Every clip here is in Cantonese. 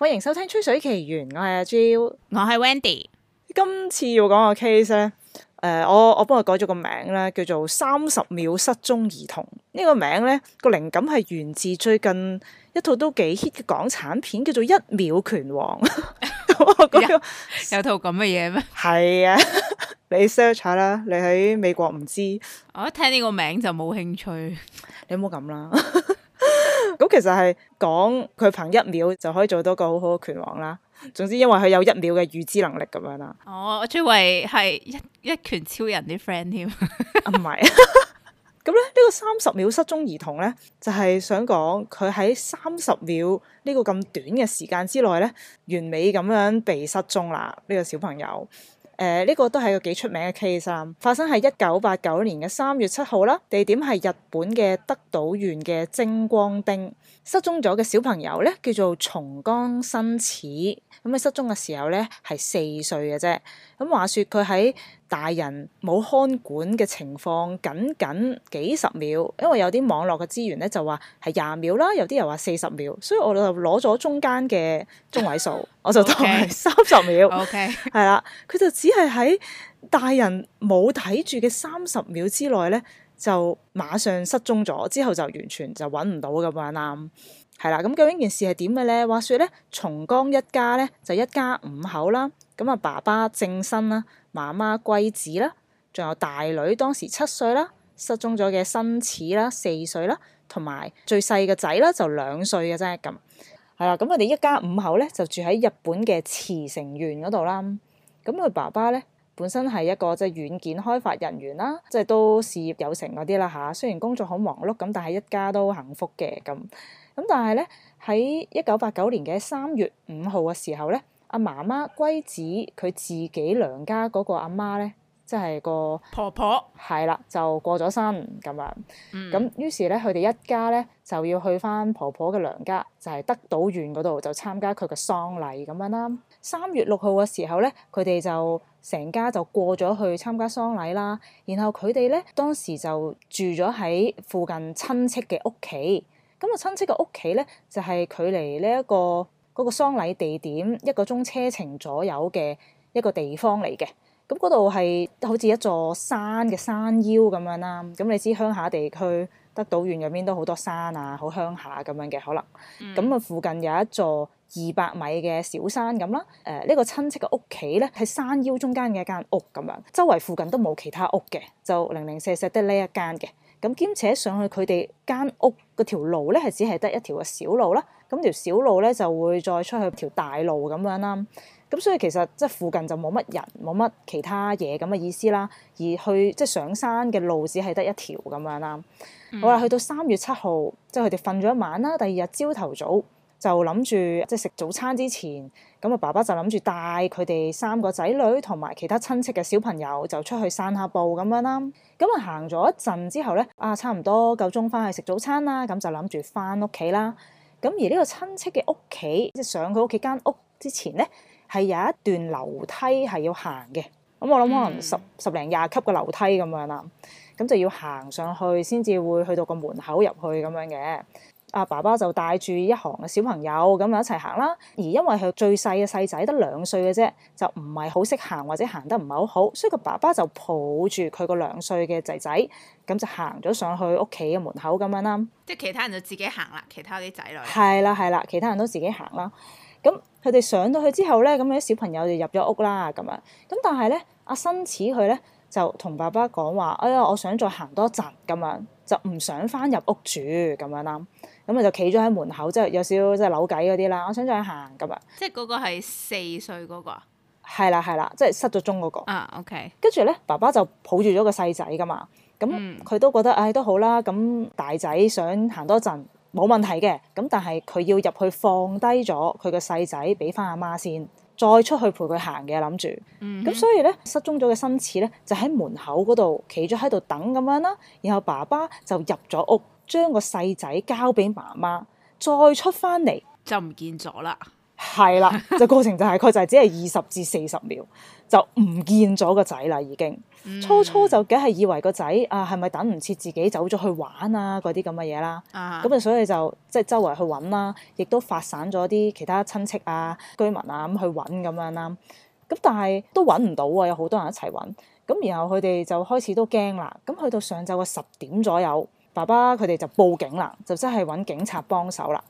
歡迎收聽《吹水奇緣》，我係阿 Jo，我係 Wendy。今次要講個 case 咧，誒、呃，我我幫佢改咗個名咧，叫做《三十秒失蹤兒童》。呢、這個名咧個靈感係源自最近一套都幾 hit 嘅港產片，叫做《一秒拳王》。 那個、 有套咁嘅嘢咩？係 啊，你 search 下啦，你喺美國唔知。我一聽呢個名就冇興趣，你唔好咁啦。 咁其實係講佢憑一秒就可以做到個好好嘅拳王啦。總之因為佢有一秒嘅預知能力咁樣啦。哦，我以為係一一拳超人啲 friend 添。唔 係、啊，咁咧 呢、這個三十秒失蹤兒童咧，就係、是、想講佢喺三十秒個呢個咁短嘅時間之內咧，完美咁樣被失蹤啦。呢、這個小朋友。誒呢、呃這個都係一個幾出名嘅 case 啦，發生喺一九八九年嘅三月七號啦，地點係日本嘅德島縣嘅晶光町，失蹤咗嘅小朋友咧叫做松岡伸矢。咁佢失蹤嘅時候咧係四歲嘅啫，咁話說佢喺大人冇看管嘅情況，僅僅幾十秒，因為有啲網絡嘅資源咧就話係廿秒啦，有啲又話四十秒，所以我就攞咗中間嘅中位數，我就當係三十秒。OK，係 Okay .啦， 佢就只係喺大人冇睇住嘅三十秒之內咧，就馬上失蹤咗，之後就完全就揾唔到咁樣啦。係啦，咁究竟件事係點嘅咧？話說咧，松岡一家咧就一家五口啦。咁啊，爸爸正身啦，媽媽貴子啦，仲有大女當時七歲啦，失蹤咗嘅伸矢啦，四歲啦，同埋最細嘅仔啦就兩歲嘅啫咁，係啦。咁佢哋一家五口咧就住喺日本嘅慈城縣嗰度啦。咁佢爸爸咧本身係一個即係軟件開發人員啦，即、就、係、是、都事業有成嗰啲啦吓，雖然工作好忙碌，咁但係一家都幸福嘅咁。咁但係咧喺一九八九年嘅三月五號嘅時候咧。阿媽媽貴子佢自己娘家嗰個阿媽咧，即係個婆婆，係啦，就過咗身咁樣。咁於、嗯、是咧，佢哋一家咧就要去返婆婆嘅娘家，就係、是、德島縣嗰度，就參加佢嘅喪禮咁樣啦。三月六號嘅時候咧，佢哋就成家就過咗去參加喪禮啦。然後佢哋咧當時就住咗喺附近親戚嘅屋企。咁、就是這個親戚嘅屋企咧就係距離呢一個。嗰個喪禮地點一個鐘車程左右嘅一個地方嚟嘅，咁嗰度係好似一座山嘅山腰咁樣啦、啊。咁你知鄉下地區，德島縣入邊都好多山啊，好鄉下咁樣嘅可能。咁啊、嗯，附近有一座二百米嘅小山咁啦、啊。誒、呃、呢、這個親戚嘅屋企咧，喺山腰中間嘅一間屋咁樣，周圍附近都冇其他屋嘅，就零零舍舍得呢一間嘅。咁兼且上去佢哋間屋嗰條路咧，係只係得一條嘅小路啦。咁條小路咧就會再出去條大路咁樣啦。咁所以其實即係附近就冇乜人，冇乜其他嘢咁嘅意思啦。而去即係上山嘅路只係得一條咁樣啦。好啦、嗯、去到三月七號，即係佢哋瞓咗一晚啦。第二日朝頭早就諗住即係食早餐之前咁啊，爸爸就諗住帶佢哋三個仔女同埋其他親戚嘅小朋友就出去散下步咁樣啦。咁啊，行咗一陣之後咧，啊差唔多夠鐘翻去食早餐啦，咁就諗住翻屋企啦。咁而呢個親戚嘅屋企，即係上佢屋企間屋之前咧，係有一段樓梯係要行嘅。咁我諗可能十、mm. 十零廿級嘅樓梯咁樣啦，咁就要行上去先至會去到個門口入去咁樣嘅。阿爸爸就帶住一行嘅小朋友咁樣一齊行啦。而因為佢最細嘅細仔得兩歲嘅啫，就唔係好識行或者行得唔係好好，所以個爸爸就抱住佢個兩歲嘅仔仔，咁就行咗上去屋企嘅門口咁樣啦。即係其他人就自己行啦，其他啲仔女係啦係啦，其他人都自己行啦。咁佢哋上到去之後咧，咁啲小朋友就入咗屋啦咁樣。咁但係咧，阿伸矢佢咧就同爸爸講話：哎呀，我想再行多陣咁樣，就唔想翻入屋住咁樣啦。咁啊就企咗喺門口，即、就、係、是、有少少即係扭計嗰啲啦。我想再行咁啊，即係嗰、嗰個係四歲嗰個啊，係啦係啦，即係失咗蹤嗰個啊。OK，跟住咧，爸爸就抱住咗個細仔噶嘛，咁佢都覺得唉、嗯哎、都好啦，咁大仔想行多陣冇問題嘅，咁但係佢要入去放低咗佢個細仔，俾翻阿媽先，再出去陪佢行嘅諗住。咁、嗯、哼所以咧，失蹤咗嘅伸矢咧，就喺門口嗰度企咗喺度等咁樣啦。然後爸爸就入咗屋。將個細仔交俾媽媽，再出翻嚟就唔見咗啦。係啦， 就過程大概就係，佢 就係只係二十至四十秒就唔見咗個仔啦。已經初、嗯、初就梗係以為個仔啊，係咪等唔切自己走咗去玩啊？嗰啲咁嘅嘢啦，咁啊、uh，huh。所以就即係、就係、周圍去揾啦、啊，亦都發散咗啲其他親戚啊、居民啊咁去揾咁樣啦、啊。咁但係都揾唔到啊！有好多人一齊揾咁，然後佢哋就開始都驚啦。咁去到上晝嘅十點左右。爸爸佢哋就報警啦，就真係揾警察幫手啦。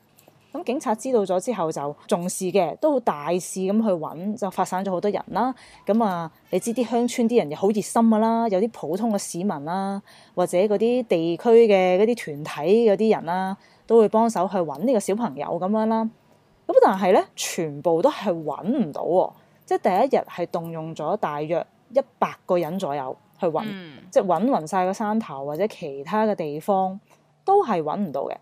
咁警察知道咗之後就重視嘅，都好大肆咁去揾，就發散咗好多人啦。咁啊，你知啲鄉村啲人好熱心噶啦，有啲普通嘅市民啦，或者嗰啲地區嘅嗰啲團體嗰啲人啦，都會幫手去揾呢個小朋友咁樣啦。咁但係咧，全部都係揾唔到，即係第一日係動用咗大約一百個人左右。去揾，即係揾勻晒個山頭或者其他嘅地方，都係揾唔到嘅。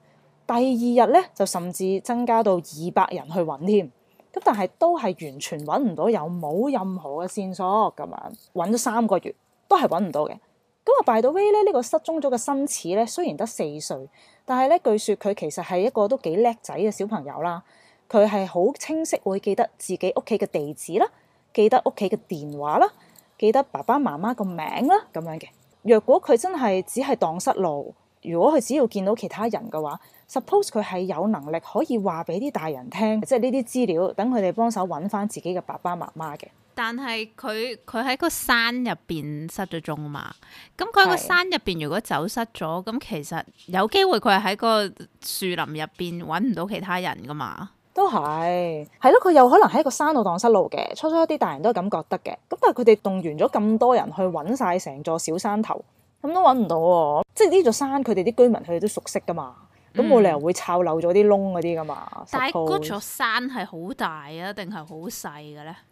第二日咧，就甚至增加到二百人去揾添，咁但係都係完全揾唔到，又冇任何嘅線索咁樣，揾咗三個月都係揾唔到嘅。咁啊、嗯、，by the way 咧，呢個失蹤咗嘅伸矢咧，雖然得四歲，但係咧據說佢其實係一個都幾叻仔嘅小朋友啦，佢係好清晰會記得自己屋企嘅地址啦，記得屋企嘅電話啦。記得爸爸媽媽個名啦，咁樣嘅。若果佢真係只係蕩失路，如果佢只要見到其他人嘅話，suppose 佢係有能力可以話俾啲大人聽，即係呢啲資料等佢哋幫手揾返自己嘅爸爸媽媽嘅。但係佢佢喺個山入邊失咗蹤嘛，咁佢喺個山入邊如果走失咗，咁其實有機會佢係喺個樹林入邊揾唔到其他人㗎嘛。都係，係咯，佢有可能喺一個山路蕩失路嘅，初初啲大人都係咁覺得嘅。咁但係佢哋動員咗咁多人去揾晒成座小山頭，咁都揾唔到喎、啊。即係呢座山，佢哋啲居民佢哋都熟悉噶嘛，咁冇、嗯、理由會抄漏咗啲窿嗰啲噶嘛。但係嗰座山係好大啊，定係好細嘅咧？誒、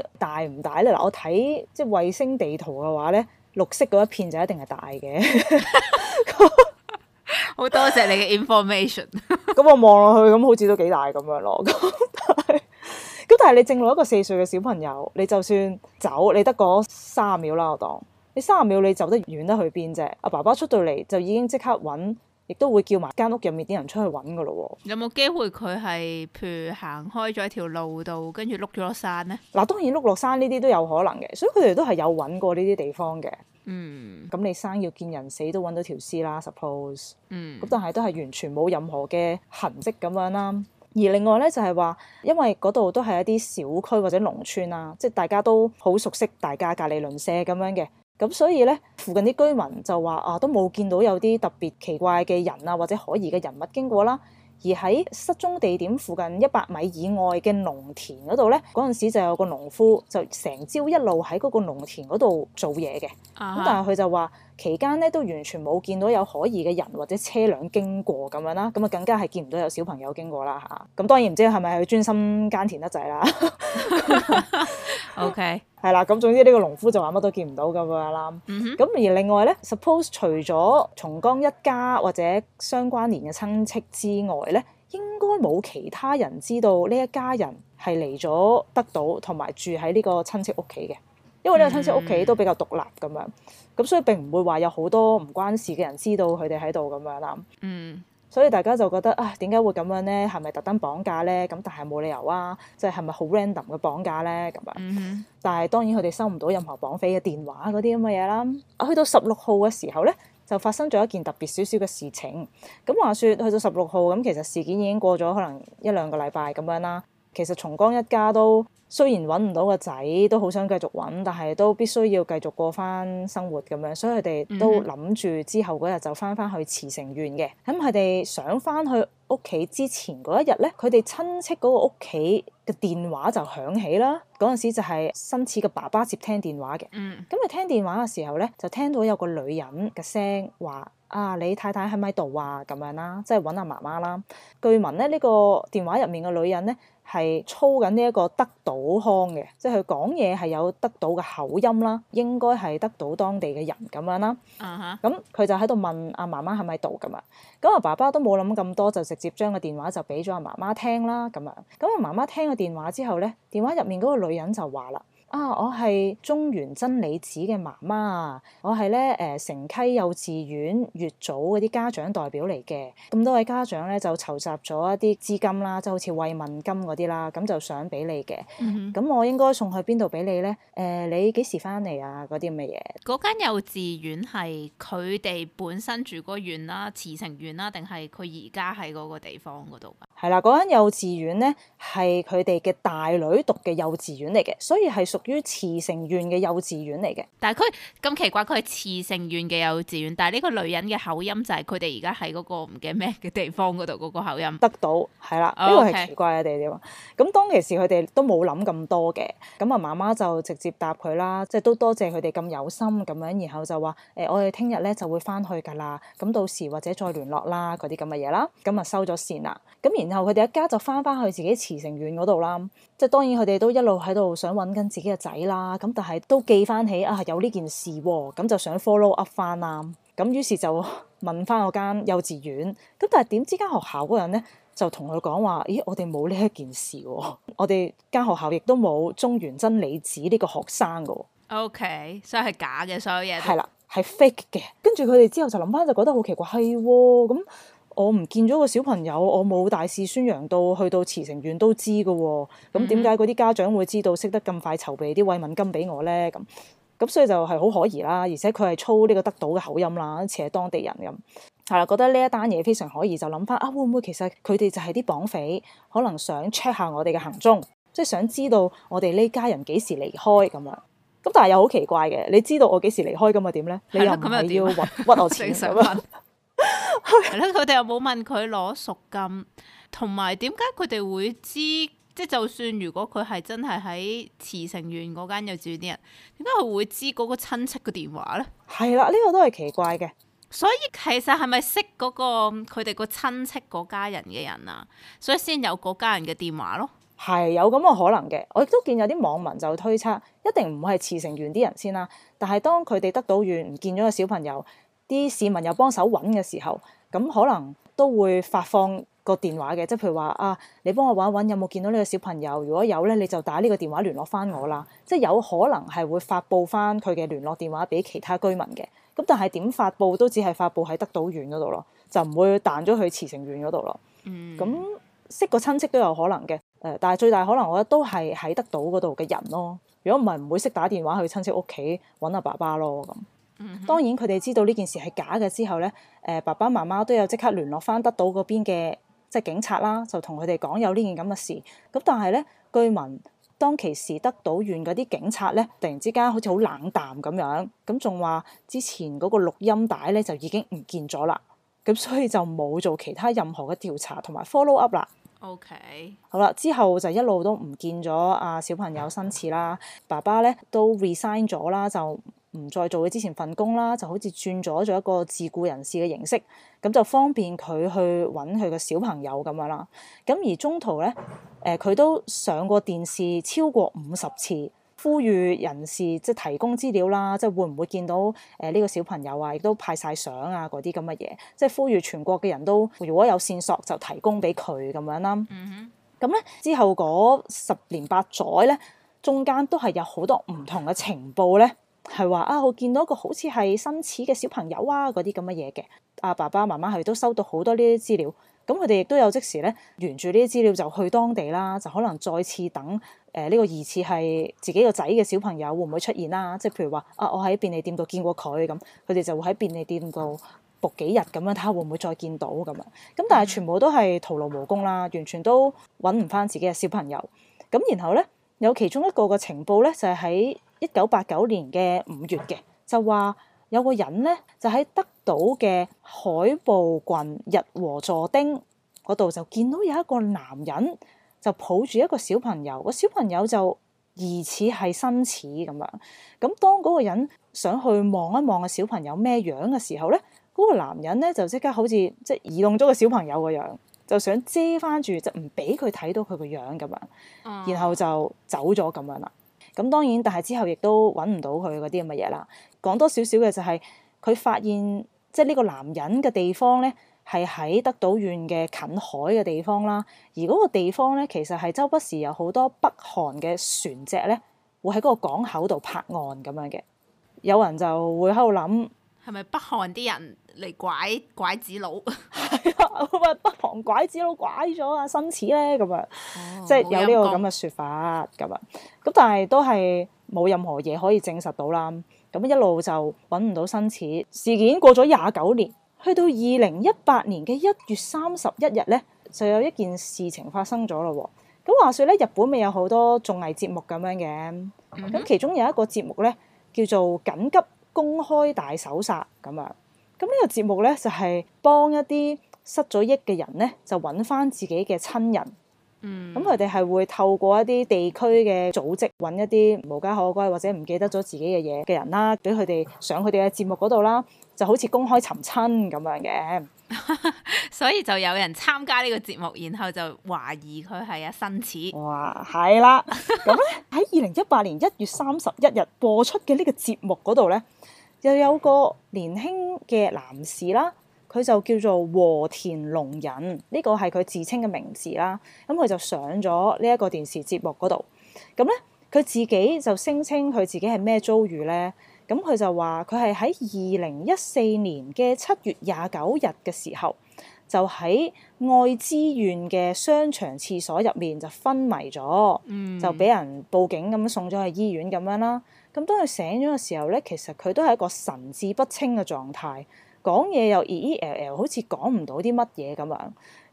呃，大唔大咧？嗱，我睇即係衛星地圖嘅話咧，綠色嗰一片就一定係大嘅。 好多謝你嘅 information。咁我望落去，咁好似都幾大咁樣咯。咁但係，咁但係你正落一個四歲嘅小朋友，你就算走，你得嗰三十秒啦。我當你三十秒，你走得遠得去邊啫？阿爸爸出到嚟就已經即刻搵。亦都會叫埋間屋入面啲人出去揾㗎喇喎。有冇機會佢係譬如行開咗一條路度，跟住碌咗落山咧？嗱，當然碌落山呢啲都有可能嘅，所以佢哋都係有揾過呢啲地方嘅。嗯。咁你生要見人死都揾到條屍啦，suppose。嗯。咁但係都係完全冇任何嘅痕跡咁樣啦、啊。而另外咧就係話，因為嗰度都係一啲小區或者農村啊，即係大家都好熟悉，大家隔離鄰舍咁樣嘅。咁所以咧，附近啲居民就話啊，都冇見到有啲特別奇怪嘅人啊，或者可疑嘅人物經過啦。而喺失蹤地點附近一百米以外嘅農田嗰度咧，嗰陣時就有個農夫就成朝一路喺嗰個農田嗰度做嘢嘅。咁、uh huh. 但係佢就話期間咧都完全冇見到有可疑嘅人或者車輛經過咁樣啦。咁啊更加係見唔到有小朋友經過啦嚇。咁、啊、當然唔知係咪佢專心耕田得滯啦。 OK。係啦，咁總之呢個農夫就話乜都見唔到咁樣啦。咁、mm hmm. 而另外咧，suppose 除咗松岡一家或者相關連嘅親戚之外咧，應該冇其他人知道呢一家人係嚟咗德島同埋住喺呢個親戚屋企嘅，因為呢個親戚屋企都比較獨立咁、mm hmm. 樣，咁所以並唔會話有好多唔關事嘅人知道佢哋喺度咁樣啦。嗯、mm。Hmm. 所以大家就覺得啊，點解會咁樣咧？係咪特登綁架咧？咁但係冇理由啊，即係係咪好 random 嘅綁架咧？咁樣，mm hmm. 但係當然佢哋收唔到任何綁匪嘅電話嗰啲咁嘅嘢啦。啊，去到十六號嘅時候咧，就發生咗一件特別少少嘅事情。咁、啊、話説去到十六號，咁其實事件已經過咗可能一兩個禮拜咁樣啦。其實松岡一家都雖然揾唔到個仔，都好想繼續揾，但係都必須要繼續過翻生活咁樣，所以佢哋都諗住之後嗰日就翻翻去慈城縣嘅。咁佢哋想翻去屋企之前嗰一日咧，佢哋親戚嗰個屋企嘅電話就響起啦。嗰陣時就係伸矢嘅爸爸接聽電話嘅。嗯，咁佢聽電話嘅時候咧，就聽到有個女人嘅聲話。啊！你太太喺咪度啊？咁樣啦，即係揾阿媽媽啦。據聞咧，呢、這個電話入面嘅女人咧係操緊呢一個德島腔嘅，即係佢講嘢係有德島嘅口音啦，應該係德島當地嘅人咁樣啦。啊咁佢就喺度問阿媽媽喺咪度咁啊？咁啊，爸爸都冇諗咁多，就直接將個電話就俾咗阿媽媽聽啦。咁啊，咁啊，媽媽聽個電話之後咧，電話入面嗰個女人就話啦。啊！我係中原真理子嘅媽媽，我係咧誒城溪幼稚園月組嗰啲家長代表嚟嘅。咁多位家長咧就籌集咗一啲資金啦，即係好似慰問金嗰啲啦，咁就想俾你嘅。咁、嗯、哼我應該送去邊度俾你咧？誒、呃，你幾時翻嚟啊？嗰啲咁嘅嘢。嗰間幼稚園係佢哋本身住嗰院啦，慈城院啦，定係佢而家喺嗰個地方嗰度？係啦、啊，嗰間幼稚園咧係佢哋嘅大女讀嘅幼稚園嚟嘅，所以係屬於慈城縣嘅幼稚園嚟嘅，但係佢咁奇怪，佢係慈城縣嘅幼稚園，但係呢個女人嘅口音就係佢哋而家喺嗰個唔記得咩嘅地方嗰度嗰個口音得到，係啦，呢個係奇怪嘅地點。咁當其時佢哋都冇諗咁多嘅，咁啊媽媽就直接答佢啦，即係都多謝佢哋咁有心咁樣，然後就話誒、欸，我哋聽日咧就會翻去㗎啦，咁到時或者再聯絡啦，嗰啲咁嘅嘢啦，咁啊收咗線啦，咁然後佢哋一家就翻翻去自己慈城縣嗰度啦，即係當然佢哋都一路喺度想揾緊自己個仔啦，咁但係都記翻起啊，有呢件事、哦，咁就想 follow up 翻啦。咁於是就問翻嗰間幼稚園，咁但係點知間學校嗰人咧就同佢講話，咦，我哋冇呢一件事、哦，我哋間學校亦都冇中原真理子呢個學生噶，OK，所以係假嘅所有嘢，係啦，係 fake 嘅，跟住佢哋之後就諗翻，就覺得好奇怪，係咁、哦。我唔見咗個小朋友，我冇大肆宣揚到，去到慈城縣都知嘅喎、哦。咁點解嗰啲家長會知道，識得咁快籌備啲慰問金俾我咧？咁咁所以就係好可疑啦。而且佢係操呢個德島嘅口音啦，似係當地人咁。係啦，覺得呢一單嘢非常可疑，就諗翻啊，會唔會其實佢哋就係啲綁匪，可能想 check 下我哋嘅行蹤，嗯、即係想知道我哋呢家人幾時離開咁樣。咁但係又好奇怪嘅，你知道我幾時離開咁啊？點咧？你又唔係要屈我錢 係咯，佢哋又冇問佢攞贖金，同埋點解佢哋會知？即係就算如果佢係真係喺慈城園嗰間又住啲人，點解佢會知嗰個親戚嘅電話咧？係啦，呢個都係奇怪嘅。所以其實係咪識嗰個佢哋個親戚嗰家人嘅人啊？所以先有嗰家人嘅電話咯。係有咁個可能嘅。我亦都見有啲網民就推測，一定唔會係慈城園啲人先啦。但係當佢哋得到院唔見咗個小朋友。啲市民又幫手揾嘅時候，咁可能都會發放個電話嘅，即係譬如話啊，你幫我揾一揾有冇見到呢個小朋友，如果有咧，你就打呢個電話聯絡翻我啦。即係有可能係會發佈翻佢嘅聯絡電話俾其他居民嘅。咁但係點發佈都只係發佈喺德島縣嗰度咯，就唔會彈咗去慈城縣嗰度咯。咁、嗯、識個親戚都有可能嘅，誒，但係最大可能我覺得都係喺德島嗰度嘅人咯。如果唔係唔會識打電話去親戚屋企揾阿爸爸咯咁。當然佢哋知道呢件事係假嘅之後咧，誒爸爸媽媽都有即刻聯絡翻得到嗰邊嘅即係警察啦，就同佢哋講有呢件咁嘅事。咁但係咧，據聞當其時得到完嗰啲警察咧，突然之間好似好冷淡咁樣，咁仲話之前嗰個錄音帶咧就已經唔見咗啦。咁所以就冇做其他任何嘅調查同埋 follow up 啦。OK，好啦，之後就一路都唔見咗阿小朋友身次啦。爸爸咧都 resign 咗啦，就。唔再做佢之前份工啦，就好似轉咗做一個自僱人士嘅形式，咁就方便佢去揾佢個小朋友咁樣啦。咁而中途咧，誒、呃、佢都上過電視超過五十次，呼籲人士即係提供資料啦，即係會唔會見到誒呢、呃呢個小朋友啊？亦都派晒相啊，嗰啲咁嘅嘢，即係呼籲全國嘅人都如果有線索就提供俾佢咁樣啦。嗯哼、mm，咁、hmm. 咧之後嗰十年八載咧，中間都係有好多唔同嘅情報咧。係話啊，我見到一個好似係相似嘅小朋友啊，嗰啲咁嘅嘢嘅，阿、啊、爸爸媽媽係都收到好多呢啲資料，咁佢哋亦都有即時咧，沿住呢啲資料就去當地啦，就可能再次等誒呢、呃這個疑似係自己個仔嘅小朋友會唔會出現啦？即係譬如話啊，我喺便利店度見過佢咁，佢哋就會喺便利店度蒲幾日咁樣睇下會唔會再見到咁樣？咁但係全部都係徒勞無功啦，完全都揾唔翻自己嘅小朋友。咁然後咧。有其中一個嘅情報咧，就係喺一九八九年嘅五月嘅，就話有個人咧，就喺德島嘅海部郡日和佐町嗰度，就見到有一個男人就抱住一個小朋友，個小朋友就疑似係伸矢咁樣。咁當嗰個人想去望一望小、那個、個小朋友咩樣嘅時候咧，嗰個男人咧就即刻好似即係移動咗個小朋友個樣。就想遮翻住，就唔俾佢睇到佢個樣咁樣，然後就走咗咁樣啦。咁當然，但係之後亦都揾唔到佢嗰啲咁嘅嘢啦。講多少少嘅就係，佢發現，即係呢個男人嘅地方咧，係喺德島縣嘅近海嘅地方啦。而嗰個地方咧，其實係周不時有好多北韓嘅船隻咧，會喺嗰個港口度泊岸咁樣嘅。有人就會喺度諗。係咪北韓啲人嚟拐拐子佬？係啊，咁啊，北韓拐子佬拐咗啊，伸矢咧，咁啊，oh, 即係有呢個咁嘅説法咁啊。咁但係都係冇任何嘢可以證實到啦。咁一路就揾唔到伸矢。事件過咗廿九年，去到二零一八年嘅一月三十一日咧，就有一件事情發生咗咯。咁話說咧，日本咪有好多綜藝節目咁樣嘅？咁、mm hmm. 其中有一個節目咧，叫做緊急。公開大搜殺咁樣，咁呢個節目呢，就係幫一啲失咗憶嘅人呢，就揾翻自己嘅親人。嗯，咁佢哋係會透過一啲地區嘅組織揾一啲無家可歸或者唔記得咗自己嘅嘢嘅人啦，俾佢哋上佢哋嘅節目嗰度啦，就好似公開尋親咁樣嘅。 所以就有人參加呢個節目，然後就懷疑佢係阿伸矢。 哇，係啦，咁咧喺二零一八年一月三十一日播出嘅呢個節目嗰度呢。又有個年輕嘅男士啦，佢就叫做和田龍人，呢、這個係佢自稱嘅名字啦。咁佢就上咗呢一個電視節目嗰度，咁咧佢自己就聲稱佢自己係咩遭遇咧？咁佢就話佢係喺二零一四年嘅七月廿九日嘅時候，就喺愛知縣嘅商場廁所入面就昏迷咗，嗯、就俾人報警咁送咗去醫院咁樣啦。咁當佢醒咗嘅時候咧，其實佢都係一個神志不清嘅狀態，講嘢又 E E L L，好似講唔到啲乜嘢咁樣。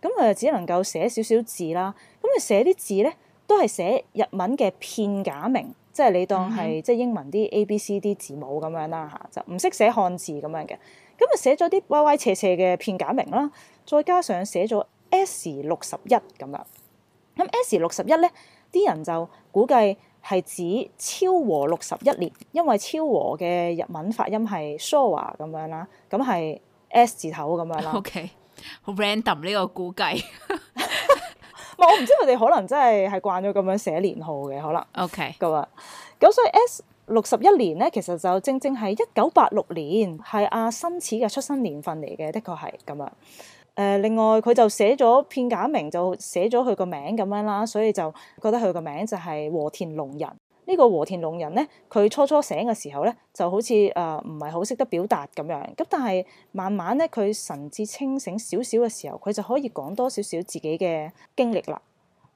咁佢就只能夠寫少少字啦。咁佢寫啲字咧，都係寫日文嘅片假名，即係你當係、嗯、哼即係英文啲 A B C D 字母咁樣啦嚇，就唔識寫漢字咁樣嘅。咁啊寫咗啲歪歪斜斜嘅片假名啦，再加上寫咗 S 六十一咁啦。咁 S 六十一咧，啲人就估計。係指昭和六十一年，因為昭和嘅日文發音係 Shōwa 咁樣啦，咁係 S 字頭咁樣啦。OK，好 random 呢個估計。 我唔知佢哋可能真係係慣咗咁樣寫年號嘅，可能 OK 咁啊。咁所以 S 六十一年咧，其實就正正係一九八六年，係阿伸矢嘅出生年份嚟嘅，的確係咁啊。誒，另外佢就寫咗片假名，就寫咗佢個名咁樣啦，所以就覺得佢個名就係和田龍人。呢個和田龍人呢，佢初初醒嘅時候呢，就好似誒唔係好識得表達咁樣咁，但係慢慢呢，佢神志清醒少少嘅時候，佢就可以講多少少自己嘅經歷啦。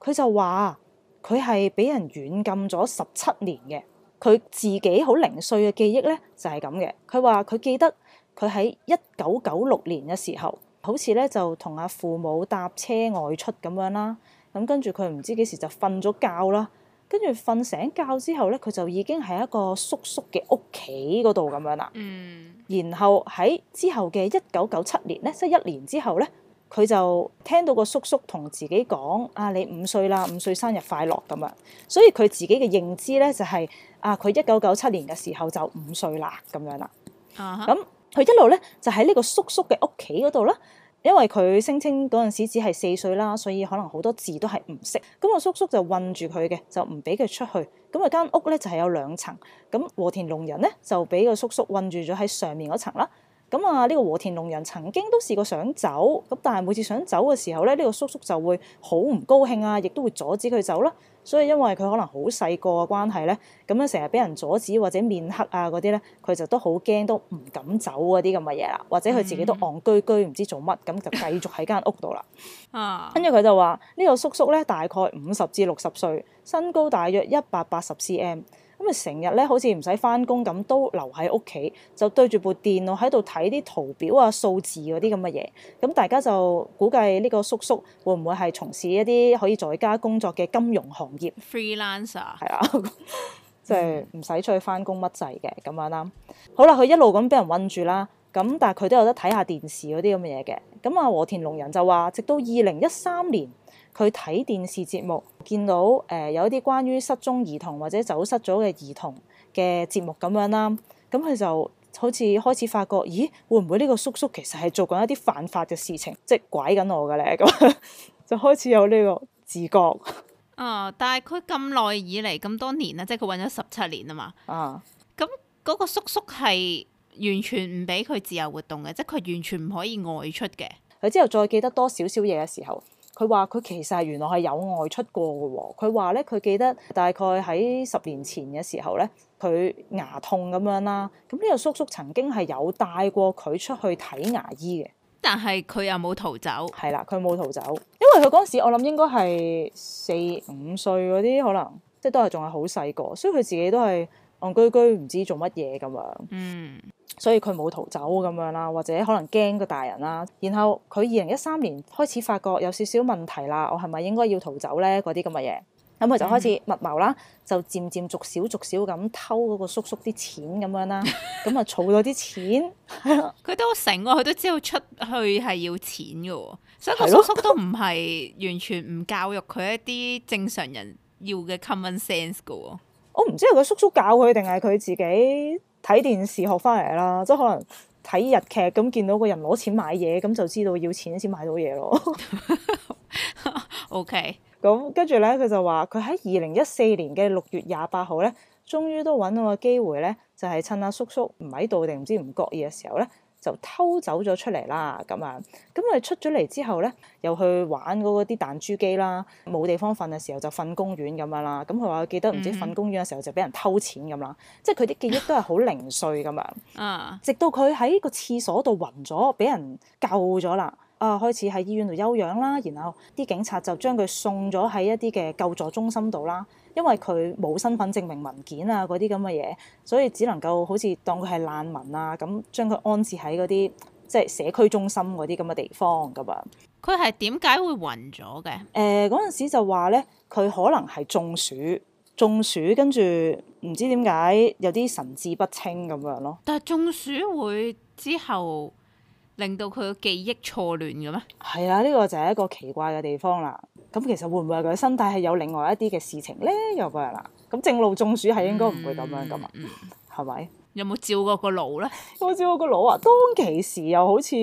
佢就話佢係俾人軟禁咗十七年嘅，佢自己好零碎嘅記憶呢，就係咁嘅。佢話佢記得佢喺一九九六年嘅時候。好似咧就同阿父母搭車外出咁樣啦，咁跟住佢唔知幾時就瞓咗覺啦，跟住瞓醒覺之後咧，佢就已經喺一個叔叔嘅屋企嗰度咁樣啦。嗯。然後喺之後嘅一九九七年咧，即係一年之後咧，佢就聽到個叔叔同自己講：啊，你五歲啦，五歲生日快樂咁樣！所以佢自己嘅認知咧就係，啊，佢一九九七年嘅時候就五歲啦，咁樣啦。啊哈。咁。佢一路咧就喺呢個叔叔嘅屋企嗰度啦，因為佢聲稱嗰陣時只係四歲啦，所以可能好多字都係唔識。咁個叔叔就困住佢嘅，就唔俾佢出去。咁啊間屋咧就係有兩層，咁和田龍人咧就俾個叔叔困住咗喺上面嗰層啦。咁啊，呢個和田龍人曾經都試過想走，咁但係每次想走嘅時候咧，呢、這個叔叔就會好唔高興啊，亦都會阻止佢走啦。所以因為佢可能好細個嘅關係咧，咁樣成日俾人阻止或者面黑啊嗰啲咧，佢就都好驚，都唔敢走嗰啲咁嘅嘢啦。或者佢自己都戇居居唔知做乜，咁就繼續喺間屋度啦。啊、嗯，跟住佢就話呢、這個叔叔咧，大概五十至六十歲，身高大約一百八十 cm。咁啊，成日咧好似唔使翻工咁，都留喺屋企，就對住部電腦喺度睇啲圖表啊、數字嗰啲咁嘅嘢。咁大家就估計呢個叔叔會唔會係從事一啲可以在家工作嘅金融行業？Freelancer 係啊，即係唔使出去翻工乜滯嘅咁樣啦。好啦，佢一路咁俾人韞住啦。咁但係佢都有得睇下電視嗰啲咁嘅嘢嘅。咁啊，和田龍人就話，直到二零一三年。佢睇電視節目，見到誒、呃、有一啲關於失蹤兒童或者走失咗嘅兒童嘅節目咁樣啦，咁佢就好似開始發覺，咦，會唔會呢個叔叔其實係做緊一啲犯法嘅事情，即係拐緊我嘅咧？咁 就開始有呢個自覺。啊！但係佢咁耐以嚟咁多年啦，即係佢搵咗十七年啊嘛。啊！咁嗰個叔叔係完全唔俾佢自由活動嘅，即係佢完全唔可以外出嘅。佢之後再記得多少少嘢嘅時候。佢話：佢其實係原來係有外出過嘅喎，哦。佢話咧，佢記得大概喺十年前嘅時候咧，佢牙痛咁樣啦。咁呢個叔叔曾經係有帶過佢出去睇牙醫嘅，但係佢又冇逃走。係啦，佢冇逃走，因為佢嗰陣時我諗應該係四五歲嗰啲，可能即係都係仲係好細個，所以佢自己都係戇居居唔知做乜嘢咁樣。嗯。所以佢冇逃走咁樣啦，或者可能驚個大人啦。然後佢二零一三年開始發覺有少少問題啦，我係咪應該要逃走咧？嗰啲咁嘅嘢，咁佢就，就開始密謀啦，嗯、就漸漸逐少逐少咁偷嗰個叔叔啲錢咁樣啦，咁啊儲咗啲錢。係啊， 佢 都成醒，佢都知道出去係要錢嘅，所以個叔叔都唔係完全唔教育佢一啲正常人要嘅 common sense 嘅喎。 我唔知係個叔叔教佢定係佢自己。睇電視學翻嚟啦，即係可能睇日劇，咁見到個人攞錢買嘢，咁就知道要錢先買到嘢咯。 OK，咁跟住咧，佢就話佢喺二零一四年嘅六月廿八號咧，終於都揾到個機會咧，就係、是、趁阿叔叔唔喺度，定唔知唔覺意嘅時候咧。就偷走咗出嚟啦，咁啊，咁佢出咗嚟之後咧，又去玩嗰啲彈珠機啦，冇地方瞓嘅時候就瞓公園咁樣啦。咁佢話記得唔知瞓公園嘅時候就俾人偷錢咁啦，即係佢啲記憶都係好零碎咁樣啊。直到佢喺個廁所度暈咗，俾人救咗啦啊，開始喺醫院度休養啦，然後啲警察就將佢送咗喺一啲嘅救助中心度啦。因為佢冇身份證明文件啊，嗰啲咁嘅嘢，所以只能夠好似當佢係難民啊，咁將佢安置喺嗰啲即係社區中心嗰啲咁嘅地方咁啊。佢係點解會暈咗嘅？誒、呃，嗰陣時就話咧，佢可能係中暑，中暑跟住唔知點解有啲神志不清咁樣咯。但係中暑會之後，令到佢嘅記憶錯亂嘅咩？係啊，呢、這個就係一個奇怪嘅地方啦。咁其實會唔會係佢身體係有另外一啲嘅事情咧？又過嚟啦。咁正路中暑係應該唔會咁樣噶嘛？係咪、嗯？嗯、吧有冇照過個腦咧？有冇照過個腦啊？當其時又好似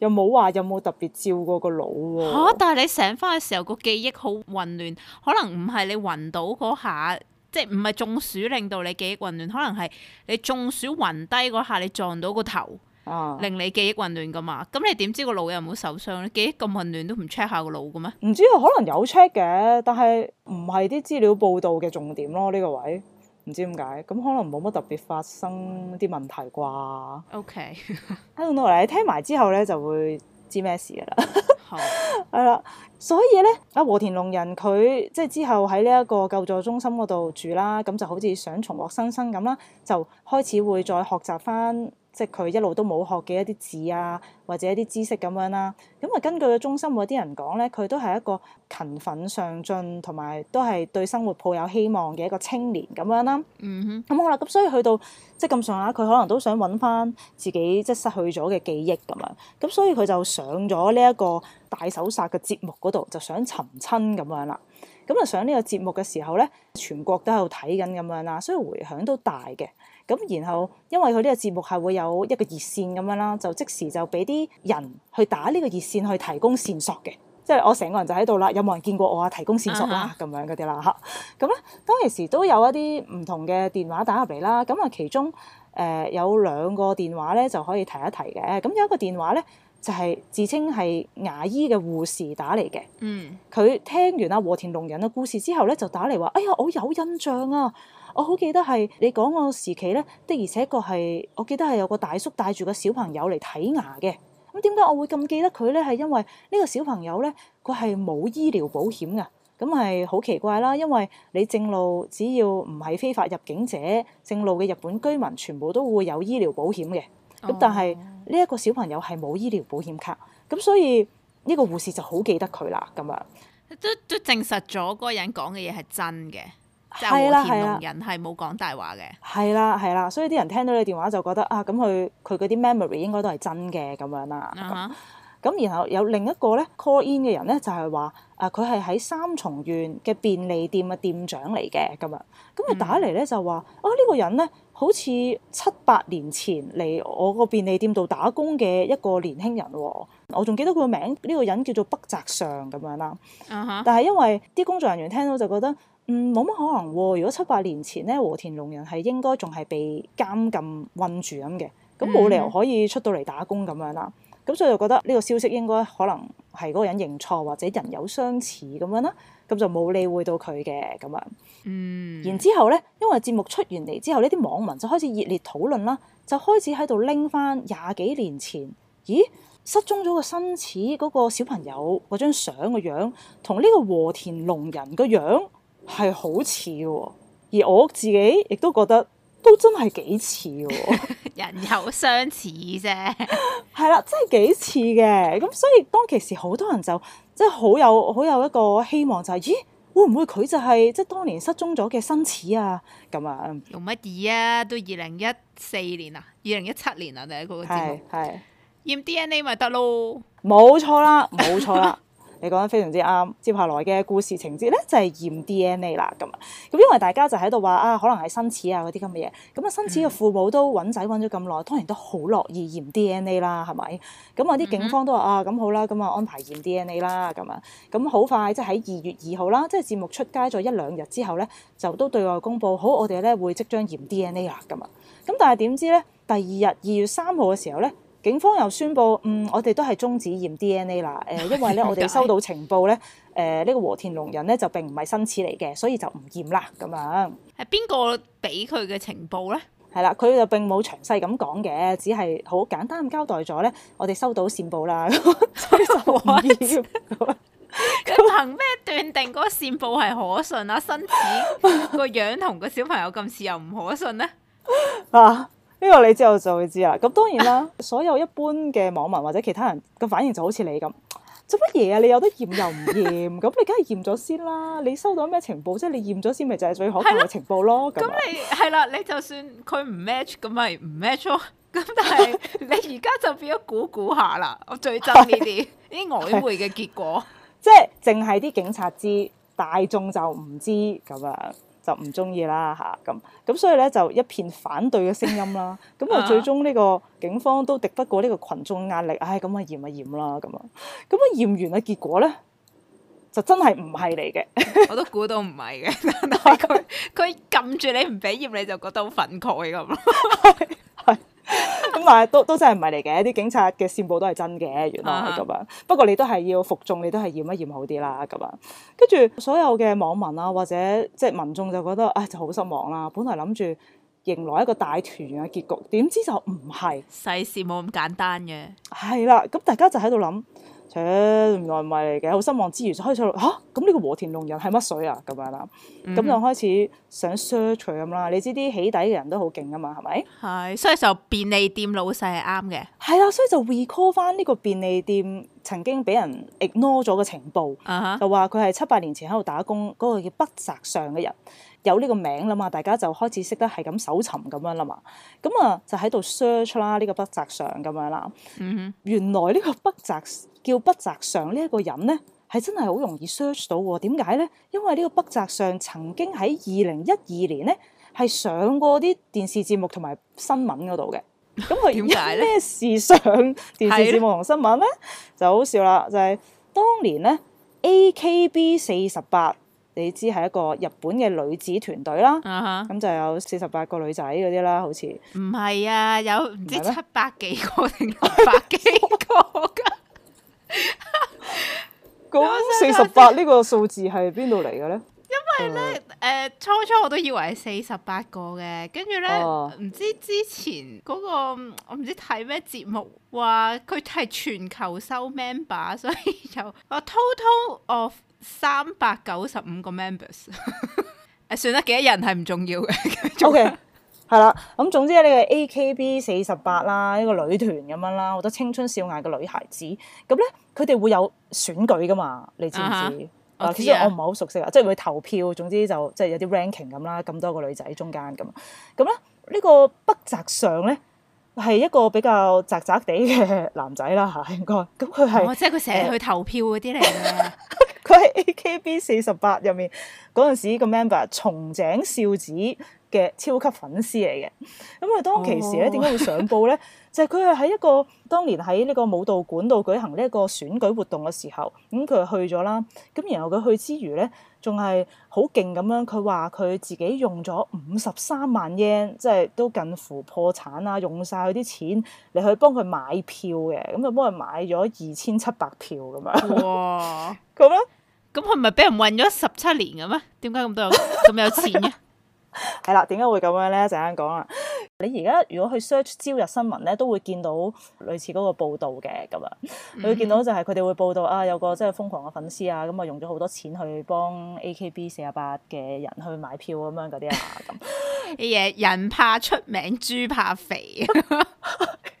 又冇話有冇特別照過個腦喎、啊。吓、啊！但係你醒翻嘅時候個記憶好混亂，可能唔係你暈倒嗰下，即係唔係中暑令到你記憶混亂，可能係你中暑暈低嗰下，你撞到個頭。啊、令你記憶混亂噶嘛？咁你點知個腦有冇受傷咧？記憶咁混亂都唔 check 下個腦嘅咩？唔知啊，可能有 check 嘅，但係唔係啲資料報道嘅重點咯。呢個位唔知點解，咁可能冇乜特別發生啲問題啩？OK， 等到嚟你聽埋之後咧，就會知咩事噶啦。係 啦好。 所以咧，啊和田龍人佢即係之後喺呢一個救助中心嗰度住啦，咁就好似想重獲新生咁啦，就開始會再學習翻即係佢一路都冇學嘅一啲字啊，或者一啲知識咁樣啦。咁啊，根據中心嗰啲人講咧，佢都係一個勤奮上進，同埋都係對生活抱有希望嘅一個青年咁樣啦。嗯哼。咁好啦，咁所以去到即係咁上下，佢可能都想揾翻自己即係失去咗嘅記憶咁樣。咁所以佢就上咗呢一個大搜殺嘅節目嗰度就想尋親咁樣啦，咁啊上呢個節目嘅時候咧，全國都喺度睇緊咁樣啦，所以回響都大嘅。咁然後因為佢呢個節目係會有一個熱線咁樣啦，就即時就俾啲人去打呢個熱線去提供線索嘅，即係我成個人就喺度啦，有冇人見過我啊？提供線索啦咁、uh huh. 樣嗰啲啦嚇。咁咧當其時都有一啲唔同嘅電話打入嚟啦，咁啊其中誒、呃、有兩個電話咧就可以提一提嘅，咁有一個電話咧。就係自稱係牙醫嘅護士打嚟嘅。嗯，佢聽完阿和田龍人嘅故事之後咧，就打嚟話：「哎呀，我有印象啊，我好記得係你講個時期咧，的而且確係我記得係有個大叔帶住個小朋友嚟睇牙嘅。咁點解我會咁記得佢咧？係因為呢個小朋友咧，佢係冇醫療保險嘅。咁係好奇怪啦，因為你正路只要唔係非法入境者，正路嘅日本居民全部都會有醫療保險嘅。咁但係呢一個小朋友係冇醫療保險卡，咁所以呢、這個護士就好記得佢啦，咁樣都都證實咗嗰個人講嘅嘢係真嘅，啦就冇騙用人，係冇講大話嘅。係啦係啦，所以啲人聽到你電話就覺得啊，咁佢佢嗰啲 memory 應該都係真嘅咁樣啦。咁、uh huh. 然後有另一個咧 call in 嘅人咧就係、是、話，誒佢係喺三重縣嘅便利店嘅店長嚟嘅咁樣，咁佢打嚟咧就話，哦呢、mm. 啊啊這個人咧。好似七八年前嚟我個便利店度打工嘅一個年輕人喎、哦，我仲記得佢個名，呢、這個人叫做北澤尚咁樣啦。Uh huh. 但係因為啲工作人員聽到就覺得，嗯，冇乜可能喎、哦。如果七八年前呢，和田龍人係應該仲係被監禁困住咁嘅，咁冇理由可以出到嚟打工咁樣啦。咁、uh huh. 所以就覺得呢個消息應該可能係嗰個人認錯，或者人有相似咁樣啦。咁就冇理會到佢嘅咁樣。嗯，然之後呢，因為節目出完嚟之後，呢啲網民就開始熱烈討論啦，就開始喺度拎翻廿幾年前，咦，失蹤咗個伸矢嗰個小朋友嗰張相個樣，同呢個和田龍人個樣係好似嘅，而我自己亦都覺得。都真係幾似喎，人有相似啫，係啦，真係幾似嘅，咁所以當其時好多人就即係好有好有一個希望就係、是，咦，會唔會佢就係即係當年失蹤咗嘅伸矢啊？咁啊，用乜嘢啊？都二零一四年啊，二零一七年啊，第一個節目係係驗 DNA 咪得咯？冇錯啦，冇錯啦。 你講得非常之啱，接下來嘅故事情節咧就係驗 DNA 啦，咁啊，咁因為大家就喺度話啊，可能係伸矢啊嗰啲咁嘅嘢，咁啊伸矢嘅父母都揾仔揾咗咁耐，當然都好樂意驗 DNA 啦，係咪？咁啊啲警方都話啊，咁好啦，咁啊安排驗 DNA 啦，咁啊，咁好快即係喺二月二號啦，即係節目出街咗一兩日之後咧，就都對外公佈，好我哋咧會即將驗 DNA 啦，咁啊，咁但係點知咧第二日二月三號嘅時候咧，警方又宣布，嗯，我哋都係中止驗 DNA 啦。誒，因為咧，我哋收到情報咧，誒，呢個和田龍人咧就並唔係伸矢嚟嘅，所以就唔驗啦。咁樣係邊個俾佢嘅情報咧？係啦，佢就並冇詳細咁講嘅，只係好簡單咁交代咗咧。我哋收到線報啦。佢憑咩斷定嗰線報係可信啊？伸矢個樣同個小朋友咁似又唔可信咧？啊！呢個你之後就會知啦。咁當然啦，所有一般嘅網民或者其他人個反應就好似你咁，做乜嘢啊？你有得驗又唔驗？咁 你梗係驗咗先啦。你收到咩情報？即係你驗咗先，咪就係最可靠嘅情報咯。咁你係啦，你就算佢唔 match，咁咪唔 match 咯。咁但係你而家就變咗估估下啦。我最憎呢啲啲曖昧嘅結果， 即係淨係啲警察知，大眾就唔知咁樣。就唔中意啦嚇咁咁，啊、所以咧就一片反對嘅聲音啦。咁啊，最終呢個警方都敵不過呢個群眾壓力，唉、哎，咁啊嫌，驗啊驗啦咁啊，咁啊驗完嘅結果咧，就真係唔係嚟嘅。我都估到唔係嘅， 但係佢佢撳住你唔俾驗，你就覺得好憤慨咁。 咁但係都都真係唔係嚟嘅，啲警察嘅線報都係真嘅，原來係咁樣。Uh huh. 不過你都係要服眾，你都係驗一驗好啲啦。咁樣跟住所有嘅網民啊，或者即係民眾就覺得，唉、哎，就好失望啦。本來諗住迎來一個大團圓嘅結局，點知就唔係，世事冇咁簡單嘅。係啦，咁大家就喺度諗。誒原來唔係嘅，好失望之餘開始啊，咁呢個和田龍人係乜水啊？咁樣啦，咁、嗯、就開始想 search 咁啦。你知啲起底嘅人都好勁啊嘛，係咪？係，所以就便利店老細係啱嘅。係啦，所以就 recall 翻呢個便利店。曾經俾人 ignore 咗個情報，uh huh. 就話佢係七八年前喺度打工嗰、嗰個叫北澤尚嘅人，有呢個名啦嘛，大家就開始識得係咁搜尋咁樣啦。咁啊就喺度 search 啦，呢、呢個北澤尚咁樣啦。Uh huh. 原來呢個北澤叫北澤尚呢一個人呢，係真係好容易 search 到喎。點解呢？因為呢個北澤尚曾經喺二零一二年呢，係上過啲電視節目同埋新聞嗰度嘅。咁佢咩事上電視節目同新聞咧，就好笑啦！就係、是、當年咧，AKB 四十八，你知係一個日本嘅女子團隊啦，咁、uh huh. 就有四十八個女仔嗰啲啦，好似唔係啊，有唔知嗎七百幾個定六百幾個㗎？咁四十八呢個數字係邊度嚟嘅咧？因為咧，誒、嗯欸，初初我都以為係四十八個嘅，跟住咧，唔、嗯、知之前嗰、嗰個我唔知睇咩節目話佢係全球收 member，所以就我 total of 三百九十五個 members。誒， 算得幾多人係唔重要嘅。O K，係啦，咁總之你係 A K B 四十八啦，一個女團咁樣啦，好多青春少艾嘅女孩子，咁咧佢哋會有選舉㗎嘛？你知唔知？Uh huh. 其實我唔係好熟悉啊，即係會投票，總之就即係有啲 ranking 咁啦，咁多個女仔中間咁，咁咧呢個北澤上咧係一個比較宅宅地嘅男仔啦嚇，應該咁佢係，即係佢成日去投票嗰啲嚟嘅，佢係 A K B 四十八入面嗰陣時個 member 松井少子嘅超級粉絲嚟嘅，咁、嗯、佢當其時咧，點解會上報咧？ 就係佢係喺一個當年喺呢個舞蹈館度舉行呢一個選舉活動嘅時候，咁、嗯、佢去咗啦。咁然後佢去之餘咧，仲係好勁咁樣，佢話佢自己用咗五十三萬 y e 即係都近乎破產啦，用晒佢啲錢嚟去幫佢買票嘅，咁就幫佢買咗二千七百票咁樣。哇！咁咯 呢，咁佢唔係俾人混咗十七年嘅咩？點解咁多咁有， 有錢嘅？ 係啦，點解 會咁樣咧？一陣間講啦。 你而家如果去 search 朝日新聞咧，都會見到類似嗰個報道嘅咁樣。Mm hmm. 會見到就係佢哋會報道啊，有個即係瘋狂嘅粉絲啊，咁啊用咗好多錢去幫 AKB 四十八嘅人去買票咁樣嗰啲啊咁。誒， 人怕出名，豬怕肥。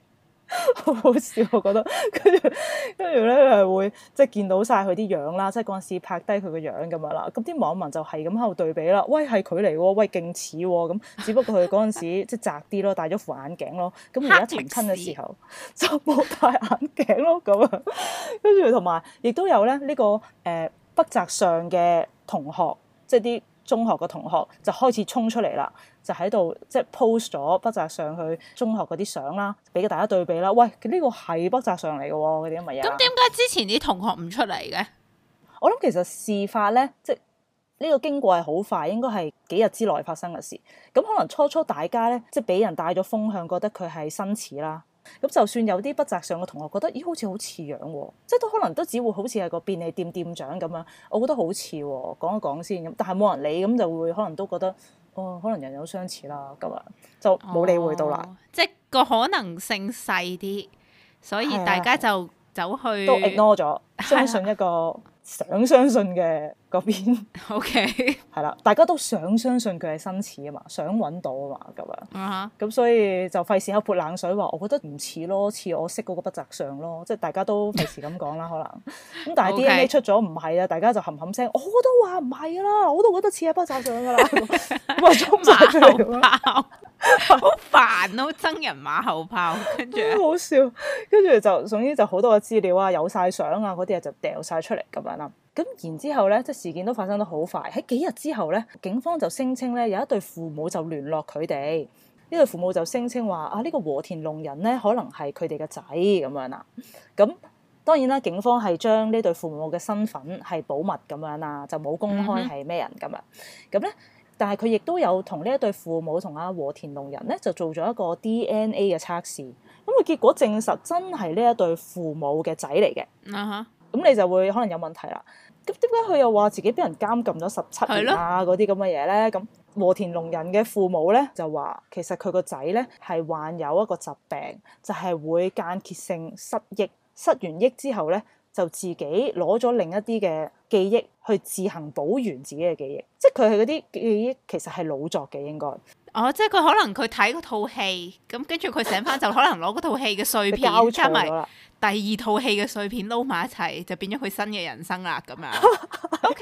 好 好笑，我覺得跟住跟住咧佢係會即係見到晒佢啲樣啦，即係嗰陣時拍低佢個樣咁樣啦。咁啲網民就係咁喺度對比啦。喂，係佢嚟喎，喂，勁似喎，咁只不過佢嗰陣時 即係窄啲咯，戴咗副眼鏡咯。咁而家澄親嘅時候就冇戴眼鏡咯，咁啊。跟住同埋亦都有咧呢、這個誒、呃、北澤上嘅同學，即係啲。中學個同學就開始衝出嚟啦，就喺度即係 post 咗北澤上去中學嗰啲相啦，俾大家對比啦。喂，呢、這個係北澤上嚟嘅喎，嗰啲乜嘢？咁點解之前啲同學唔出嚟嘅？我諗其實事發咧，即係呢、這個經過係好快，應該係幾日之內發生嘅事。咁可能初初大家咧，即係俾人帶咗風向，覺得佢係伸矢啦。咁就算有啲不擇上嘅同學覺得，咦，好似好似樣喎，即係都可能都只會好似係個便利店店長咁樣，我覺得好似喎，講一講先咁，但係冇人理，咁就會可能都覺得，哦可能人有相似啦咁啊，就冇理會到啦、哦，即係個可能性細啲，所以大家就走去都 ignore 咗，相信一個。想相信嘅嗰邊，OK，係啦，大家都想相信佢係伸矢啊嘛，想搵到啊嘛，咁樣、uh，咁、huh. 所以就費事喺潑冷水話，我覺得唔似咯，似我識嗰個不擇相咯，即係大家都費事咁講啦，可能咁 但係 DNA 出咗唔係啊，大家就冚冚聲，Okay. 我都話唔係啦，我都覺得似係不擇相噶啦，咪充埋口。 好煩咯，好憎人馬後炮，跟住 好笑，跟住就總之就好多資料啊，有晒相啊，嗰啲啊，就掉晒出嚟咁樣啦。咁然之後咧，即係事件都發生得好快，喺幾日之後咧，警方就聲稱咧有一對父母就聯絡佢哋，呢 對父母就聲稱話啊呢、這個和田龍人咧可能係佢哋嘅仔咁樣啦。咁當然啦，警方係將呢對父母嘅身份係保密咁樣啦，就冇公開係咩人咁 樣。咁咧。但係佢亦都有同呢一對父母同阿和田龍人咧，就做咗一個 DNA 嘅測試，咁個結果證實真係呢一對父母嘅仔嚟嘅。咁、uh huh。你就會可能有問題啦。咁點解佢又話自己俾人監禁咗十七年啊？嗰啲咁嘅嘢咧，咁和田龍人嘅父母咧就話，其實佢個仔咧係患有一個疾病，就係、是、會間歇性失憶，失完憶之後咧就自己攞咗另一啲嘅。記憶去自行補完自己嘅記憶，即係佢係嗰啲記憶其實係老作嘅應該。哦，即係佢可能佢睇嗰套戲，咁跟住佢醒翻就可能攞嗰套戲嘅碎片，加埋第二套戲嘅碎片撈埋一齊，就變咗佢新嘅人生啦咁樣。OK，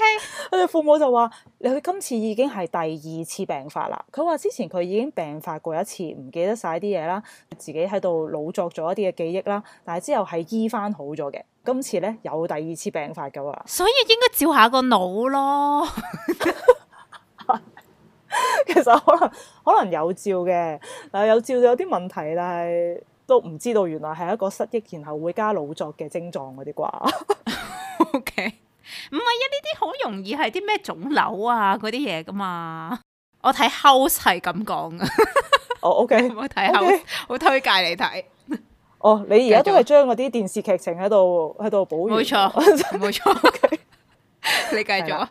佢哋父母就話：你佢今次已經係第二次病發啦。佢話之前佢已經病發過一次，唔記得晒啲嘢啦，自己喺度老作咗一啲嘅記憶啦，但係之後係醫翻好咗嘅。今次咧有第二次病發㗎喎。所以應應該照下個腦咯， 其實可能可能有照嘅，但係有照有啲問題，但係都唔知道原來係一個失憶，然後會加老作嘅症狀嗰啲啩。 OK，唔係啊，呢啲好容易係啲咩腫瘤啊嗰啲嘢噶嘛。我睇 House 咁講啊。哦、 oh，OK，我睇 House，我推介你睇。哦，oh, 你而家都係將嗰啲電視劇情喺度喺度補，冇錯，冇錯錯。 okay. 你繼續，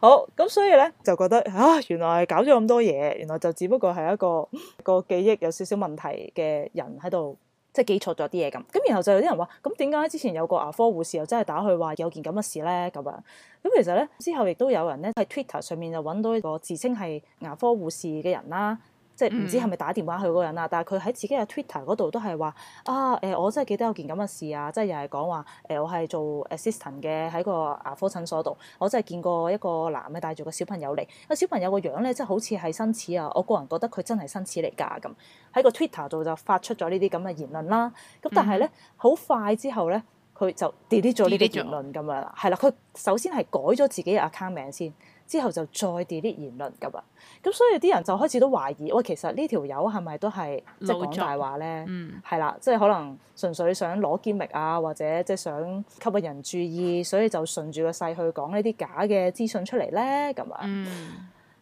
好咁，所以咧就覺得啊，原來搞咗咁多嘢，原來就只不過係一個一個記憶有少少問題嘅人喺度，即係記錯咗啲嘢咁。咁然後就有啲人話，咁點解之前有個牙科護士又真係打佢話有件咁嘅事咧？咁樣，咁其實咧之後亦都有人咧喺 Twitter 上面就搵到一個自稱係牙科護士嘅人啦。即係唔知係咪打電話去嗰個人、嗯、啊，但係佢喺自己嘅 Twitter 嗰度都係話啊誒，我真係記得有件咁嘅事啊，即係又係講話誒，我係做 assistant 嘅喺個牙科診所度，我真係見過一個男嘅帶住個小朋友嚟，個小朋友個樣咧即係好似係伸矢啊，我個人覺得佢真係伸矢嚟㗎咁，喺個 Twitter 度就發出咗呢啲咁嘅言論啦。咁、嗯、但係咧好快之後咧，佢就 delete 咗呢啲言論咁樣啦，係啦，佢首先係改咗自己嘅 account 名先。之後就再跌啲言論咁啊，咁所以啲人就開始都懷疑，喂，其實是是是作呢條友係咪都係即係講大話咧？嗯，係啦，即、就、係、是、可能純粹想攞揭力啊，或者即係想吸引人注意，所以就順住個勢去講呢啲假嘅資訊出嚟咧，咁啊，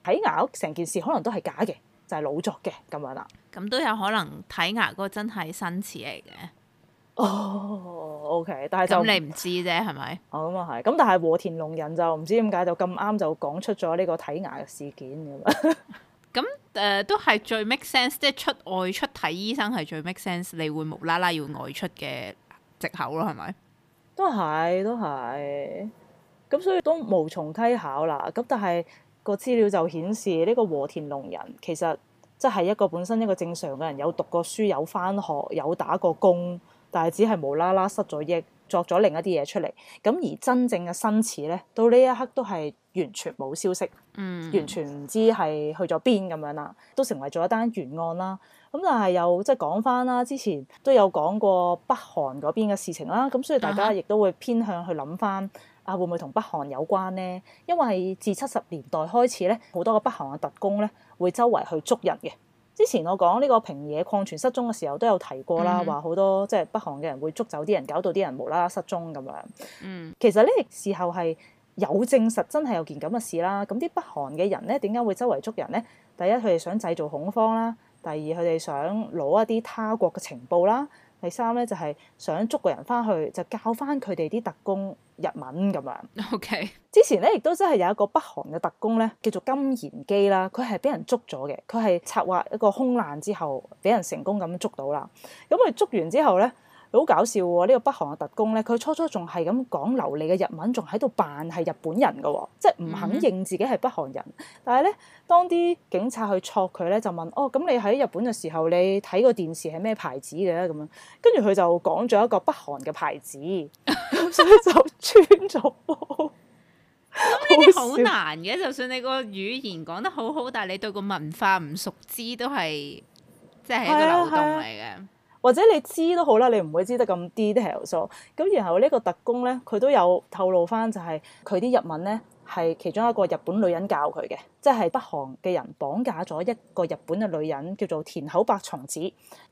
睇、嗯、牙成件事可能都係假嘅，就係、是、老作嘅咁樣啦。咁、嗯、都有可能睇牙嗰真係伸矢嚟嘅。哦、oh，OK，但係就你唔知啫，係咪？哦，咁啊係。咁但係和田龍人就唔知點解就咁啱就講出咗呢個睇牙嘅事件咁。咁誒，都係最 make sense，即係出外出睇醫生係最 make sense。你會無啦啦要外出嘅藉口咯，係咪？都係，都係。咁所以都無從稽考啦。咁但係個資料就顯示呢個和田龍人其實即係一個本身一個正常嘅人，有讀過書，有返學，有打過工。但係只係無啦啦失咗憶，作咗另一啲嘢出嚟。咁而真正嘅伸矢咧，到呢一刻都係完全冇消息，mm. 完全唔知係去咗邊咁樣啦，都成為咗一單懸案啦。咁但係又即係講翻啦，之前都有講過北韓嗰邊嘅事情啦。咁所以大家亦都會偏向去諗翻啊，會唔會同北韓有關呢？因為自七十年代開始咧，好多個北韓嘅特工咧會周圍去捉人嘅。之前我講呢個平野礦泉失蹤嘅時候都有提過啦，話好、mm hmm. 多即係北韓嘅人會捉走啲人，搞到啲人無啦啦失蹤咁樣。嗯、mm，hmm. 其實呢件事後係有證實，真係有件咁嘅事啦。咁啲北韓嘅人咧，點解會周圍捉人咧？第一，佢哋想製造恐慌啦；第二，佢哋想攞一啲他國嘅情報啦；第三咧就係、是、想捉個人翻去，就教翻佢哋啲特工。日文咁樣，OK。之前咧亦都真係有一個北韓嘅特工咧，叫做金賢基啦，佢係俾人捉咗嘅，佢係策劃一個空難之後，俾人成功咁捉到啦。咁佢捉完之後咧。好搞笑喎！呢、這個北韓嘅特工咧，佢初初仲係咁講流利嘅日文，仲喺度扮係日本人嘅，即係唔肯認自己係北韓人。但係咧，當啲警察去捉佢咧，就問：哦，咁、嗯、你喺日本嘅時候，你睇個電視係咩牌子嘅？咁樣跟住佢就講咗一個北韓嘅牌子， 所以就穿咗煲。咁呢啲好難嘅，就算你個語言講得好好，但係你對個文化唔熟知都，都係即係一個漏洞嚟嘅。或者你知都好啦，你唔會知得咁 detail 咗。咁、哦、然後呢個特工咧，佢都有透露翻、就是，就係佢啲日文咧係其中一個日本女人教佢嘅。即係北韓嘅人綁架咗一個日本嘅女人，叫做田口白松子。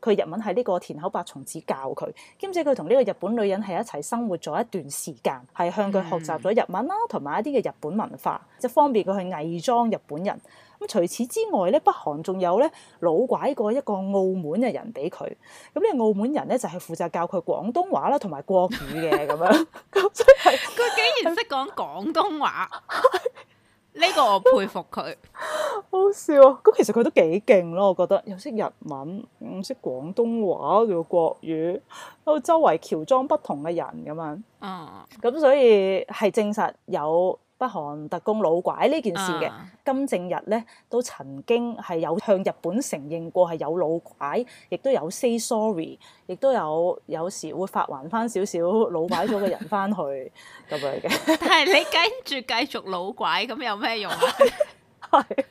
佢日文係呢個田口白松子教佢，兼且佢同呢個日本女人係一齊生活咗一段時間，係向佢學習咗日文啦，同埋一啲嘅日本文化，即係方便佢去偽裝日本人。咁除此之外咧，北韓仲有咧老拐過一個澳門嘅人俾佢。咁呢澳門人咧就係、是、負責教佢廣東話啦，同埋國語嘅咁樣。佢 竟然識講廣東話。 呢個我佩服佢， 好笑啊！咁其實佢都幾勁咯，我覺得又識日文，又識廣東話，仲有國語，都周圍喬裝不同嘅人咁樣。嗯，咁所以係證實有。北韓特工老拐呢件事嘅、uh. 金正日咧都曾經係有向日本承認過係有老拐，亦都有 say sorry，亦都有有時會發還翻少少老拐咗嘅人翻去咁 樣嘅。但係你跟住繼續老拐咁有咩用啊？係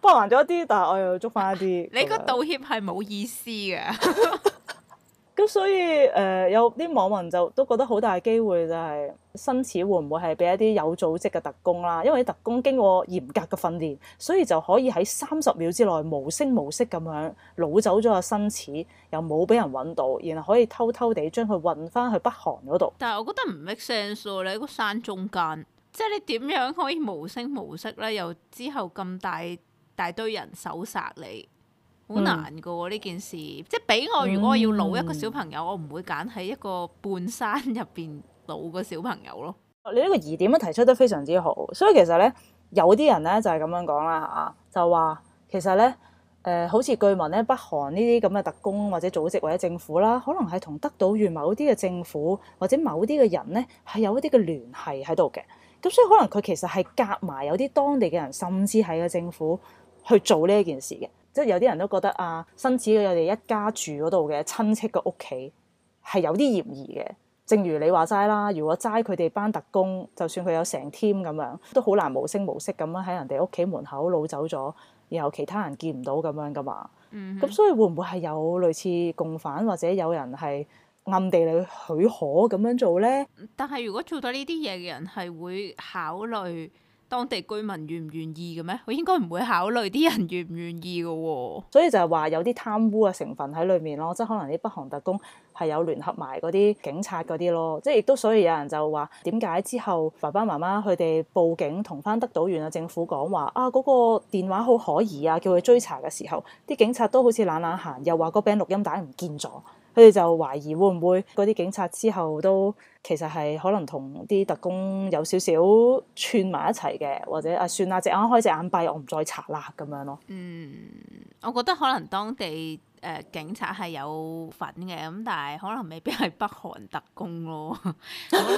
發還咗啲，但係我又捉翻一啲。你個道歉係冇意思嘅。 咁所以誒、呃、有啲網民就都覺得好大機會就係伸矢會唔會係俾一啲有組織嘅特工啦？因為啲特工經過嚴格嘅訓練，所以就可以喺三十秒之內無聲無息咁樣擄走咗個伸矢，又冇俾人揾到，然後可以偷偷地將佢運翻去北韓嗰度。但係我覺得唔 make sense 你喺個山中間，即係你點樣可以無聲無息咧？又之後咁大大堆人搜殺你？好難㗎呢、哦嗯、件事，即係俾我。如果我要老一個小朋友，嗯、我唔會揀喺一個半山入邊老個小朋友咯。你呢個疑點咧提出得非常之好，所以其實咧有啲人咧就係咁樣講啦吓，就話、是啊、其實咧誒、呃，好似據聞咧，北韓呢啲咁嘅特工或者組織或者政府啦，可能係同得到與某啲嘅政府或者某啲嘅人咧係有一啲嘅聯繫喺度嘅，咁所以可能佢其實係夾埋有啲當地嘅人，甚至係個政府去做呢一件事嘅。即係有啲人都覺得啊，伸矢佢哋一家住嗰度嘅親戚嘅屋企係有啲嫌疑嘅。正如你話齋啦，如果齋佢哋班特工，就算佢有成 team 咁樣，都好難無聲無息咁樣喺人哋屋企門口攞走咗，然後其他人見唔到咁樣噶嘛。咁、嗯、哼所以會唔會係有類似共犯或者有人係暗地裏許可咁樣做咧？但係如果做到呢啲嘢嘅人係會考慮。當地居民願唔願意嘅咩？我應該唔會考慮啲人願唔願意嘅喎、哦。所以就係話有啲貪污嘅成分喺裏面咯，即係可能啲北韓特工係有聯合埋嗰啲警察嗰啲咯。即係亦都所以有人就話點解之後爸爸媽媽佢哋報警同翻德島縣嘅政府講話啊嗰、嗰個電話好可疑啊，叫佢追查嘅時候，啲警察都好似懶懶閒，又話個餅錄音帶唔見咗。佢哋就懷疑會唔會嗰啲警察之後都其實係可能同啲特工有少少串埋一齊嘅，或者啊，算啦，隻眼開隻眼閉，我唔再查啦咁樣咯。嗯，我覺得可能當地誒、呃、警察係有份嘅，咁但係可能未必係北韓特工咯。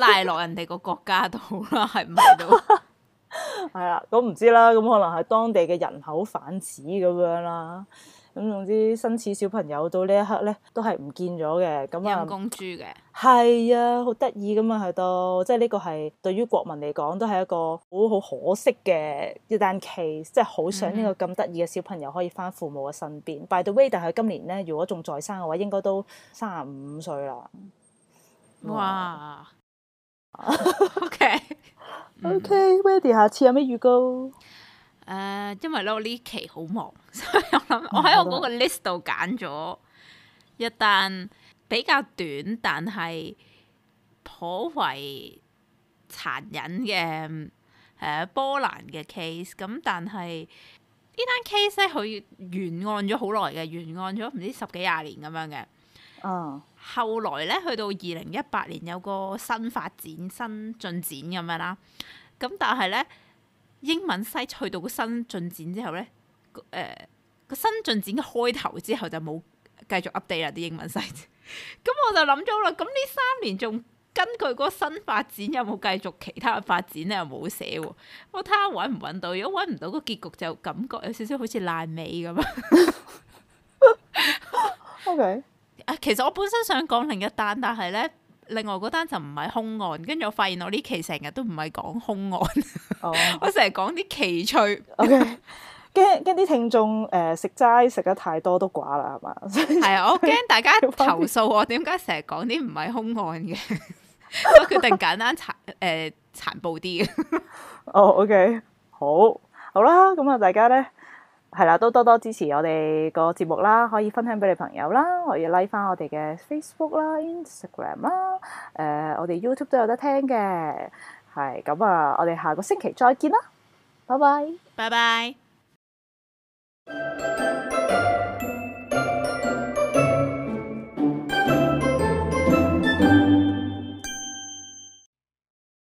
賴落 人哋個國家是是都好啦，係咪 都係啊？咁唔知啦，咁可能係當地嘅人口販子咁樣啦。咁總之，伸矢小朋友到呢一刻咧，都係唔見咗嘅。咁啊，公豬嘅係啊，好得意噶嘛，係到，即係呢個係對於國民嚟講，都係一個好好可惜嘅一單 case。但其即係好想呢個咁得意嘅小朋友可以翻父母嘅身邊。By the way，但係今年咧，如果仲在生嘅話，應該都三十五歲啦。哇！OK，OK，Wendy，下次有咩預告？誒，uh, 因為咧我呢期好忙，所以我諗我喺我嗰個 list 度揀咗一單比較短，但係頗為殘忍嘅誒、呃、波蘭嘅 case。咁但係呢單 case 咧，佢懸案咗好耐嘅，懸案咗唔知十幾廿年咁樣嘅。哦，後來咧去到二零一八年有個新發展、新進展咁樣啦。咁但係咧。英文西去到個新進展之後咧，誒、呃、個新進展嘅開頭之後就冇繼續 update 啦，啲英文西，咁 我就諗咗啦，咁呢三年仲根據嗰個新發展有冇繼續其他嘅發展咧？又冇寫喎，我睇下揾唔揾到，如果揾唔到個結局就感覺有少少好似爛尾咁啊。OK，啊，其實我本身想講另一單，但係咧。另外嗰單就唔係凶案，跟住我發現我呢期成日都唔係講凶案，oh. 我成日講啲奇趣。OK，驚驚啲聽眾誒食齋食得太多都寡啦，係嘛？係 啊，我驚大家投訴我，點解成日講啲唔係凶案嘅？我決定簡單殘誒殘暴啲嘅。哦、oh，OK，好好啦，咁啊，大家咧。係啦，都多多支持我哋個節目啦，可以分享俾你朋友啦，可以拉翻我哋嘅 Facebook 啦、Instagram 啦，誒，我哋 YouTube 都有得聽嘅，係，噉啊，我哋下個星期再見啦，拜拜，拜拜。